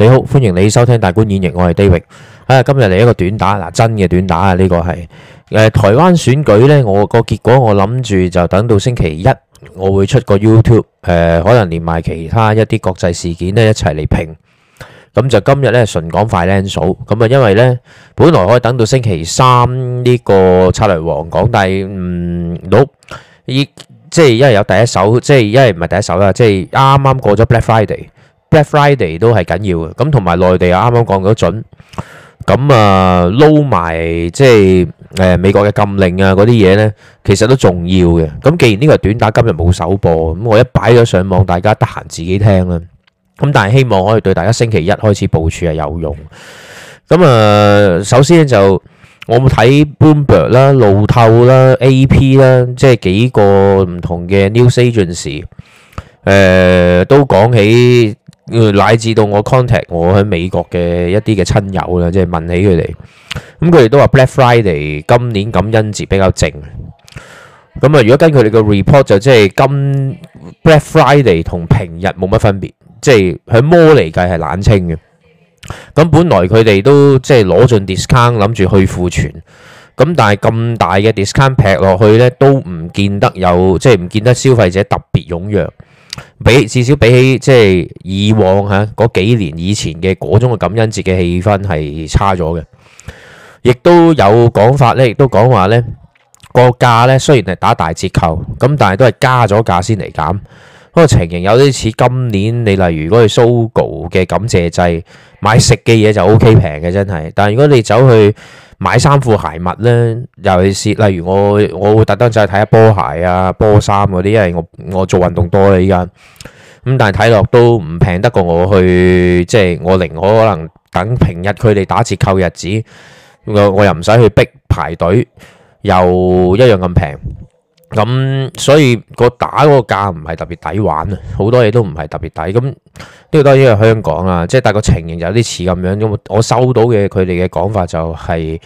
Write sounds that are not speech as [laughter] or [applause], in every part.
你好，歡迎你收聽大觀演繹，我係 David。啊，今日嚟一個短打，嗱真嘅短打啊！呢個係誒台灣選舉咧，我個結果我諗住就等到星期一，我會出個 YouTube，誒可能連埋其他一啲國際事件咧一齊嚟評。咁就今日咧純講快靚數，咁啊因為咧本來可以等到星期三呢個策略王講，但係唔到，依即係因為有第一手，即係因為唔係第一手啦，即係啱啱過咗 Black Friday。Black Friday 都係緊要嘅，咁同埋內地啱啱講咗準，咁啊撈埋即係誒美國嘅禁令啊嗰啲嘢咧，其實都重要嘅。咁既然呢個係短打，今日冇首播，咁我一擺咗上網，大家得閒自己聽啦。咁但係希望可以對大家星期一開始部署係有用。咁啊，首先咧就我睇 Bloomberg 啦、路透啦、AP 啦，即係幾個唔同嘅 news agencies，誒都講起。乃至到我 contact 我喺美國嘅一啲嘅親友啦，即係問起佢哋，咁佢哋都話 Black Friday 今年感恩節比較靜。咁啊，如果根據佢哋嘅 report 就即係今 Black Friday 同平日冇乜分別，即係喺摩嚟計係冷清嘅。咁本來佢哋都即係攞盡 discount 諗住去庫存，咁但係咁大嘅 discount 劈落去咧，都唔見得有，即係唔見得消費者特別踴躍。比，至少比起即係以往吓嗰幾年以前嘅嗰種嘅感恩節嘅氣氛係差咗嘅，亦都有講法咧，亦都講話咧個價咧雖然係打大折扣，咁但係都係加咗價先嚟減，個情形有啲似今年你例如如果去 Sogo 嘅感謝祭買食嘅嘢就 OK 平嘅，真係，但係如果你走去。買衫褲鞋襪咧，尤其是例如我，我會特登就係睇下波鞋啊、波衫嗰啲，因為我我做運動多啦依家。咁但係睇落都唔平得過我去，即係我寧可可能等平日佢哋打折扣日子，我我又唔使去逼排隊，又一樣咁平。咁所以個打嗰個價唔係特別抵玩啊，好多嘢都唔係特別抵。咁呢個當然係香港啦，即係大係個情形有啲似咁樣。咁我收到嘅佢哋嘅講法就係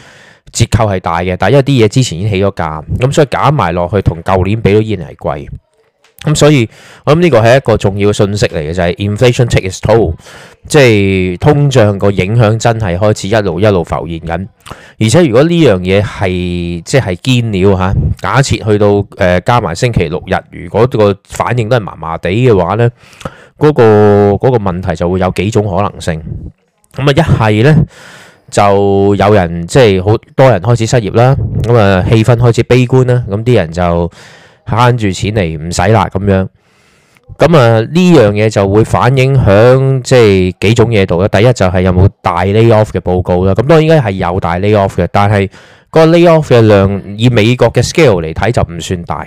折扣係大嘅，但係因為啲嘢之前已經起咗價，咁所以減埋落去同舊年比都依然係貴。咁所以我諗呢個係一個重要嘅訊息嚟嘅，就係、是、inflation takes toll，即係通脹個影響真係開始一路一路浮現緊。而且如果呢樣嘢係即係堅料，嚇，假設去到誒、呃、加埋星期六日，如果個反應都係麻麻地嘅話呢嗰、嗰個嗰、嗰個問題就會有幾種可能性。咁啊，一係呢，就有人即係好多人開始失業啦，咁啊氣氛開始悲觀啦，咁啲人就慳住錢嚟唔使辣咁樣，咁啊呢樣嘢，就會反映響即係幾種嘢度啦。第一就係有冇大 lay off 嘅報告啦。咁當然應該係有大 lay off 嘅，但係個 lay off 嘅量以美國嘅 scale 嚟睇就唔算大。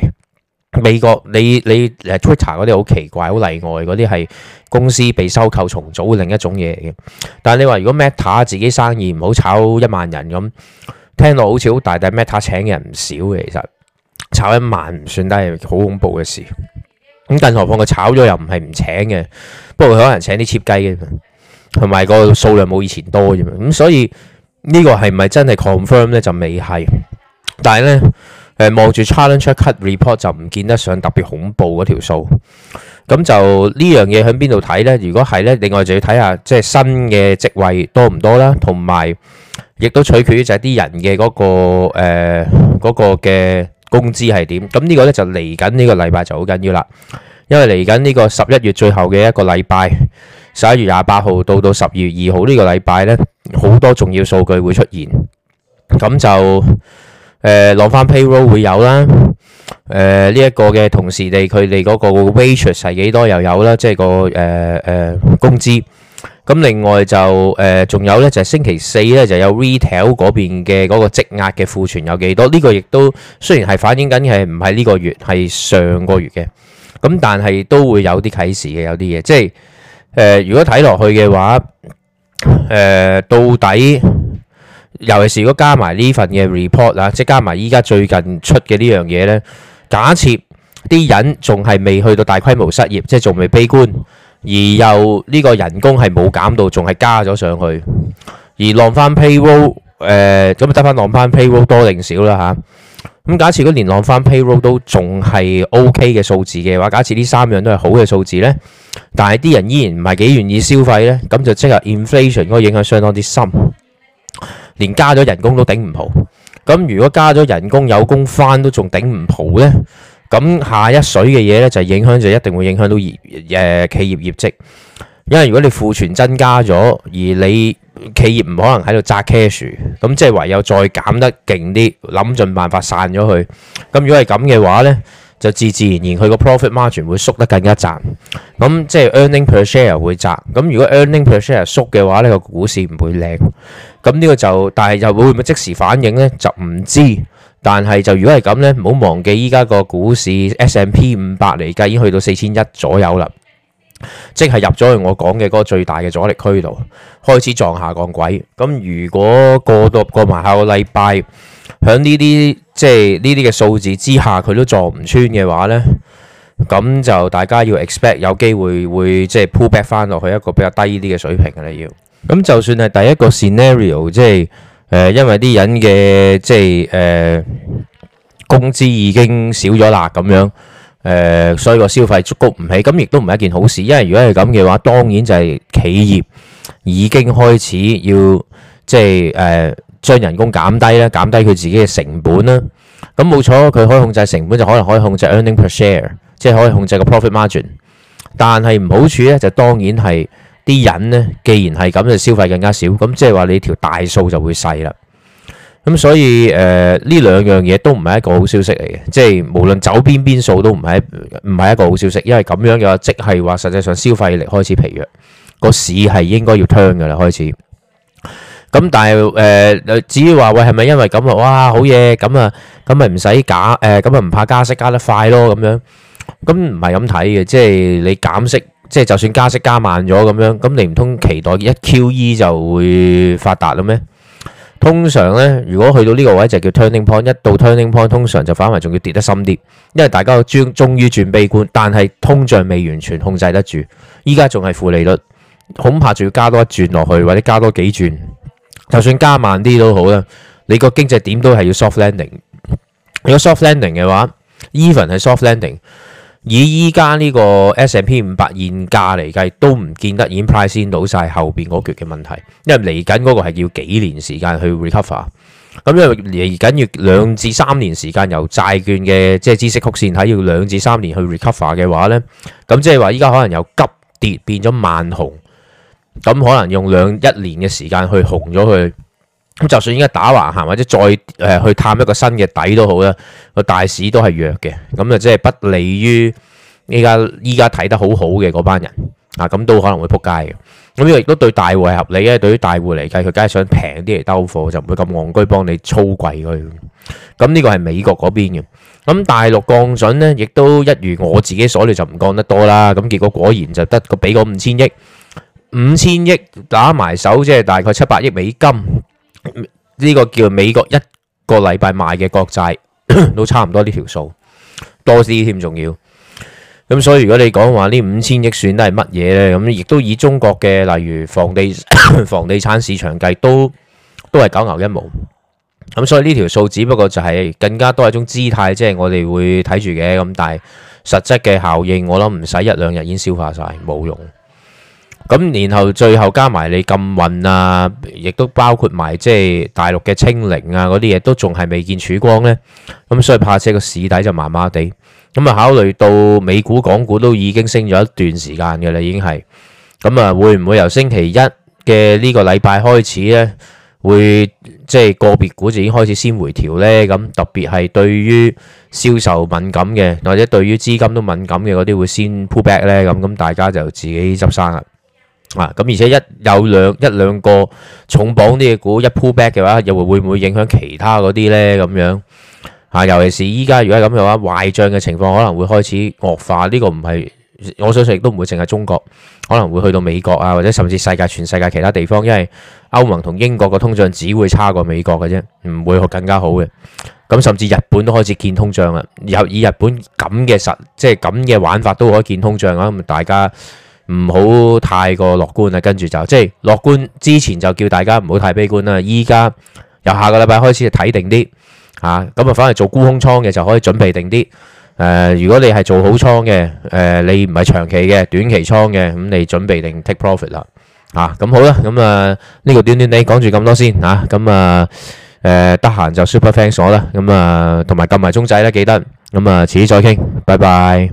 美國你你，你 Twitter 嗰啲好奇怪，好例外嗰啲係公司被收購重組另一種嘢嘅。但係你話如果 Meta 自己生意唔好炒一萬人咁，聽落好似好大，大，但 Meta 請人唔少嘅其實。炒一萬唔算得係好恐怖嘅事。咁、嗯、更何況佢炒咗又唔係唔請嘅，不過佢可能請啲設計嘅，同埋個數量冇以前多啫咁、嗯、所以個呢個係咪真係 confirm 咧就未係，但係咧誒望住 challenge cut report 就唔見得上特別恐怖嗰條數。咁就樣呢樣嘢響邊度睇咧？如果係咧，另外就要睇下即係新嘅職位多唔多啦，同埋亦都取決於就係啲人嘅嗰、嗰個誒、呃嗰個嘅。工資係點？咁呢個咧就嚟緊呢個禮拜就好緊要啦，因為嚟緊呢個十一月最後嘅一個禮拜，十一月廿八號到到十二月二號呢個禮拜咧，好多重要數據會出現，咁就誒，攞翻 payroll 會有啦，誒呢一個嘅同時地，佢哋嗰個 wages 係幾多又有啦，即係、個誒誒、呃呃、工資。咁另外就誒，仲、呃、有咧就係星期四咧，就有 retail 嗰邊嘅嗰個積壓嘅庫存有幾多？呢、呢個亦都雖然係反映緊係唔係呢個月，係上個月嘅。咁但係都會有啲啟示嘅，有啲嘢。即係誒、呃，如果睇落去嘅話，誒、呃、到底，尤其是如果加埋呢份嘅 report 啊，即係加埋依家最近出嘅呢樣嘢咧，假設啲人仲係未去到大規模失業，即係仲未悲觀。而又呢個人工係冇減到，仲係加咗上去。而浪翻 payroll，誒咁咪得翻浪翻 payroll 多定少啦嚇？咁假設如果連浪翻 payroll 都仲係 OK 嘅數字嘅話，假設呢三樣都係好嘅數字咧，但係啲人依然唔係幾願意消費咧，咁就即係 inflation 嗰個影響相當之深，連加咗人工都頂唔好。咁如果加咗人工有工翻都仲頂唔好咧？咁下一水嘅嘢咧，就是、影響就一定會影響到業誒、呃、企業業績，因為如果你庫存增加咗，而你企業唔可能喺度揸 cash，咁即係唯有再減得勁啲，諗盡辦法散咗佢。咁如果係咁嘅話咧，就自自然然佢個 profit margin 會縮得更加窄，咁即係 earning per share 會窄。咁如果 earning per share 縮嘅話呢、呢個股市唔會靚。咁呢個就，但係又會唔會即時反應咧？就唔知。但係就如果係咁呢，唔好忘記依家個股市 S&P 五百嚟計，已經去到四千一左右啦，即係入咗去我講嘅嗰個最大嘅阻力區度，開始撞下降軌。咁如果過到過埋下個禮拜，響呢啲即係呢啲嘅數字之下，佢都撞唔穿嘅話呢，咁就大家要 expect 有機會會即係 pull back 翻落去一個比較低啲嘅水平嘅咧要。咁就算係第一個 scenario 即係。誒，因為啲人嘅即係誒工資已經少咗啦，咁樣誒，所以個消費足谷唔起，咁亦都唔係一件好事。因為如果係咁嘅話，當然就係企業已經開始要即係誒將人工減低啦，減低佢自己嘅成本啦。咁冇錯，佢可以控制成本，就可能可以控制 earning per share，即係可以控制個 profit margin。但係唔好處咧，就當然係。啲人呢，既然係咁，就消費更加少，咁即係話你條大數就會細啦。咁所以誒，呢兩樣嘢都唔係一個好消息嚟嘅，即係無論走邊邊數都唔係唔係一個好消息，因為咁樣嘅話，即係話實際上消費力開始疲弱，個市係應該要劏嘅啦，開始。咁但係誒，至於話喂係咪因為咁啊？哇，好嘢！咁啊，咁咪唔使加誒，咁咪唔怕加息加得快咯咁樣。咁唔係咁睇嘅，即係你減息。即係就算加息加慢咗咁樣，咁你唔通期待一 QE 就會發達啦咩？通常呢，如果去到呢個位就叫 turning point，一到 turning point，通常就反而仲要跌得深啲，因為大家轉終於轉悲觀，但係通脹未完全控制得住，依家仲係負利率，恐怕仲要加多一轉落去，或者加多幾轉，就算加慢啲都好啦。你個經濟點都係要 soft landing，如果 soft landing 嘅話，even 係 soft landing。以依家呢個 S and P 五百現價嚟計，都唔見得已經 price 到晒後邊嗰橛嘅問題，因為嚟緊嗰個係要幾年時間去 recover。咁因為嚟緊要兩至三年時間由債券嘅即係孳息曲線睇，要兩至三年去 recover 嘅話呢，咁即係話依家可能由急跌變咗慢紅，咁可能用兩一年嘅時間去紅咗佢。咁就算依家打橫行，或者再誒去探一個新嘅底都好啦。個大市都係弱嘅，咁啊，即係不利於依家依家睇得好好嘅嗰班人啊，咁都可能會撲街嘅。咁呢個亦都對大戶係合理嘅，對於大戶嚟計，佢梗係想平啲嚟兜貨，就唔會咁戇居幫你炒貴佢。咁呢個係美國嗰邊嘅。咁大陸降準呢，亦都一如我自己所料，就唔降得多啦。咁結果果然就得個俾個五千億，五千億打埋手，即係大概七百億美金。呢個叫美國一個禮拜賣嘅國債 [coughs] 都差唔多呢條數多啲添，仲要咁，所以如果你講話，呢五千億算得係乜嘢呢？咁亦都以中國嘅例如房地 [coughs] 房地產市場計都，都都係九牛一毛。咁所以呢條數只不過就係更加多係一種姿態，即係我哋會睇住嘅咁，但係實質嘅效應我諗唔使一兩日已經消化晒，冇用。咁，然後最後加埋你禁運啊，亦都包括埋即係大陸嘅清零啊嗰啲嘢，都仲係未見曙光呢。咁所以怕，即係個市底就麻麻地。咁啊，考慮到美股、港股都已經升咗一段時間嘅啦，已經係咁啊，會唔會由星期一嘅呢個禮拜開始呢？會即係、就是、個別股就已經開始先回調呢？咁特別係對於銷售敏感嘅，或者對於資金都敏感嘅嗰啲，會先 pull back 呢。咁咁大家就自己執生啦。啊！咁而且一有兩一兩個重磅啲嘅股一 pull back 嘅話，又會會唔會影響其他嗰啲呢？咁樣啊，尤其是依家如果咁樣嘅話，壞賬嘅情況可能會開始惡化。呢、這個唔係我相信亦都唔會淨係中國，可能會去到美國啊，或者甚至世界全世界其他地方，因為歐盟同英國嘅通脹只會差過美國嘅啫，唔會更加好嘅。咁、啊、甚至日本都開始見通脹啦。日、啊、以日本咁嘅實即係咁嘅玩法都可以見通脹啊！咁大家。唔好太過樂觀啊，跟住就即係樂觀之前就叫大家唔好太悲觀啦。依家由下個禮拜開始睇定啲嚇，咁啊反而做沽空倉嘅就可以準備定啲。誒、呃，如果你係做好倉嘅，誒、呃、你唔係長期嘅短期倉嘅，咁你準備定 take profit 啦。嚇、啊，咁好啦，咁啊呢個短短你講住咁多先嚇，咁啊誒、啊啊、得閒就 super thanks 我啦，咁啊同埋撳埋鐘仔啦，記得，咁啊遲啲再傾，拜拜。